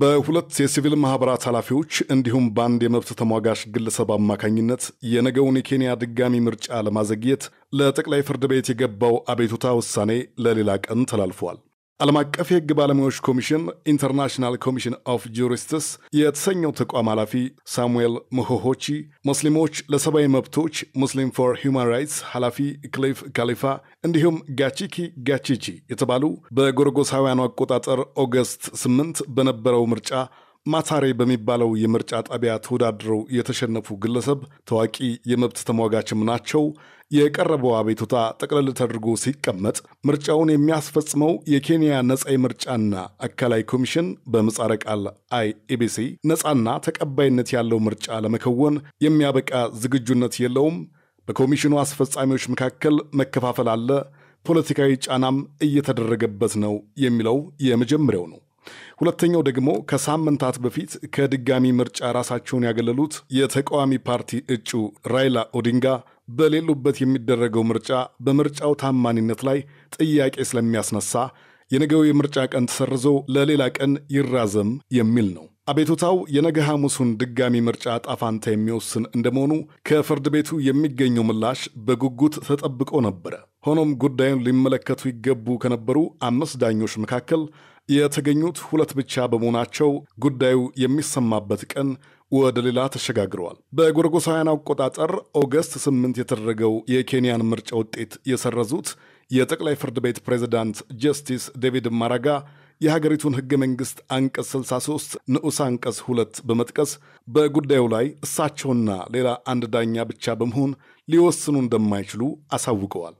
በሁለት የሲቪል ማህበራት ኃላፊዎች እንዲሁም በአንድ የመብት ተሟጋች ግለሰብ አማካኝነት የነገውን የኬንያ ድጋሚ ምርጫ ለማዘግየት ለጠቅላይ ፍርድ ቤት የገባው አቤቱታ ውሳኔ ለሌላ ቀን ተላልፏል። ዓለም አቀፍ የሕግ ባለሙያዎች ኮሚሽን ኢንተርናሽናል ኮሚሽን ኦፍ ጁሪስትስ የተሰኘው ተቋም ኃላፊ ሳሙኤል ምሆሆቺ፣ ሙስሊሞች ለሰብአዊ መብቶች ሙስሊም ፎር ሂውማን ራይትስ ኃላፊ ክሊፍ ካሊፋ እንዲሁም ጋቺኪ ጋቺቺ የተባሉ በጎረጎሳውያኑ አቆጣጠር ኦገስት 8 በነበረው ምርጫ ማታሬ በሚባለው የምርጫ ጣቢያ ተወዳድረው የተሸነፉ ግለሰብ ታዋቂ የመብት ተሟጋችም ናቸው። የቀረበው አቤቱታ ጠቅለል ተደርጎ ሲቀመጥ ምርጫውን የሚያስፈጽመው የኬንያ ነጻ የምርጫና አካላይ ኮሚሽን በምጻረ ቃል አይኤቢሲ ነጻና ተቀባይነት ያለው ምርጫ ለመከወን የሚያበቃ ዝግጁነት የለውም፣ በኮሚሽኑ አስፈጻሚዎች መካከል መከፋፈል አለ፣ ፖለቲካዊ ጫናም እየተደረገበት ነው የሚለው የመጀመሪያው ነው። ሁለተኛው ደግሞ ከሳምንታት በፊት ከድጋሚ ምርጫ ራሳቸውን ያገለሉት የተቃዋሚ ፓርቲ እጩ ራይላ ኦዲንጋ በሌሉበት የሚደረገው ምርጫ በምርጫው ታማኒነት ላይ ጥያቄ ስለሚያስነሳ የነገው የምርጫ ቀን ተሰርዞ ለሌላ ቀን ይራዘም የሚል ነው። አቤቱታው የነገ ሐሙሱን ድጋሚ ምርጫ ጣፋንታ የሚወስን እንደመሆኑ ከፍርድ ቤቱ የሚገኘው ምላሽ በጉጉት ተጠብቆ ነበረ። ሆኖም ጉዳዩን ሊመለከቱ ይገቡ ከነበሩ አምስት ዳኞች መካከል የተገኙት ሁለት ብቻ በመሆናቸው ጉዳዩ የሚሰማበት ቀን ወደ ሌላ ተሸጋግረዋል። በጎርጎሳውያን አቆጣጠር ኦገስት 8 የተደረገው የኬንያን ምርጫ ውጤት የሰረዙት የጠቅላይ ፍርድ ቤት ፕሬዚዳንት ጀስቲስ ዴቪድ ማራጋ የሀገሪቱን ህገ መንግሥት አንቀጽ 63 ንዑስ አንቀጽ ሁለት በመጥቀስ በጉዳዩ ላይ እሳቸውና ሌላ አንድ ዳኛ ብቻ በመሆን ሊወስኑ እንደማይችሉ አሳውቀዋል።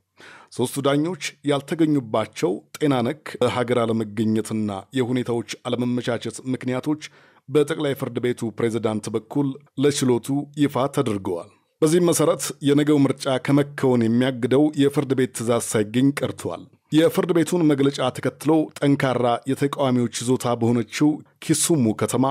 ሦስቱ ዳኞች ያልተገኙባቸው ጤና ነክ ሀገር አለመገኘትና የሁኔታዎች አለመመቻቸት ምክንያቶች በጠቅላይ ፍርድ ቤቱ ፕሬዝዳንት በኩል ለችሎቱ ይፋ ተደርገዋል። በዚህም መሠረት የነገው ምርጫ ከመከወን የሚያግደው የፍርድ ቤት ትእዛዝ ሳይገኝ ቀርቷል። የፍርድ ቤቱን መግለጫ ተከትሎ ጠንካራ የተቃዋሚዎች ይዞታ በሆነችው ኪሱሙ ከተማ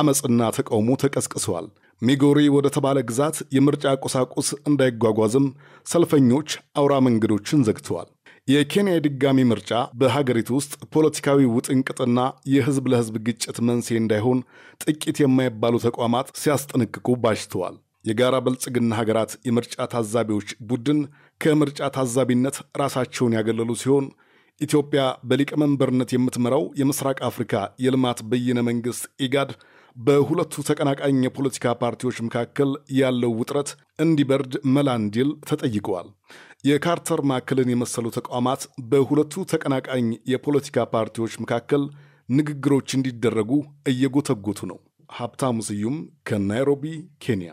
አመፅና ተቃውሞ ተቀስቅሰዋል። ሚጎሪ ወደ ተባለ ግዛት የምርጫ ቁሳቁስ እንዳይጓጓዝም ሰልፈኞች አውራ መንገዶችን ዘግተዋል። የኬንያ የድጋሚ ምርጫ በሀገሪቱ ውስጥ ፖለቲካዊ ውጥንቅጥና የህዝብ ለህዝብ ግጭት መንስኤ እንዳይሆን ጥቂት የማይባሉ ተቋማት ሲያስጠነቅቁ ባሽተዋል። የጋራ ብልጽግና ሀገራት የምርጫ ታዛቢዎች ቡድን ከምርጫ ታዛቢነት ራሳቸውን ያገለሉ ሲሆን ኢትዮጵያ በሊቀመንበርነት የምትመራው የምስራቅ አፍሪካ የልማት በይነ መንግሥት ኢጋድ በሁለቱ ተቀናቃኝ የፖለቲካ ፓርቲዎች መካከል ያለው ውጥረት እንዲበርድ መላ እንዲል ተጠይቀዋል። የካርተር ማዕከልን የመሰሉ ተቋማት በሁለቱ ተቀናቃኝ የፖለቲካ ፓርቲዎች መካከል ንግግሮች እንዲደረጉ እየጎተጎቱ ነው። ሀብታሙ ስዩም ከናይሮቢ ኬንያ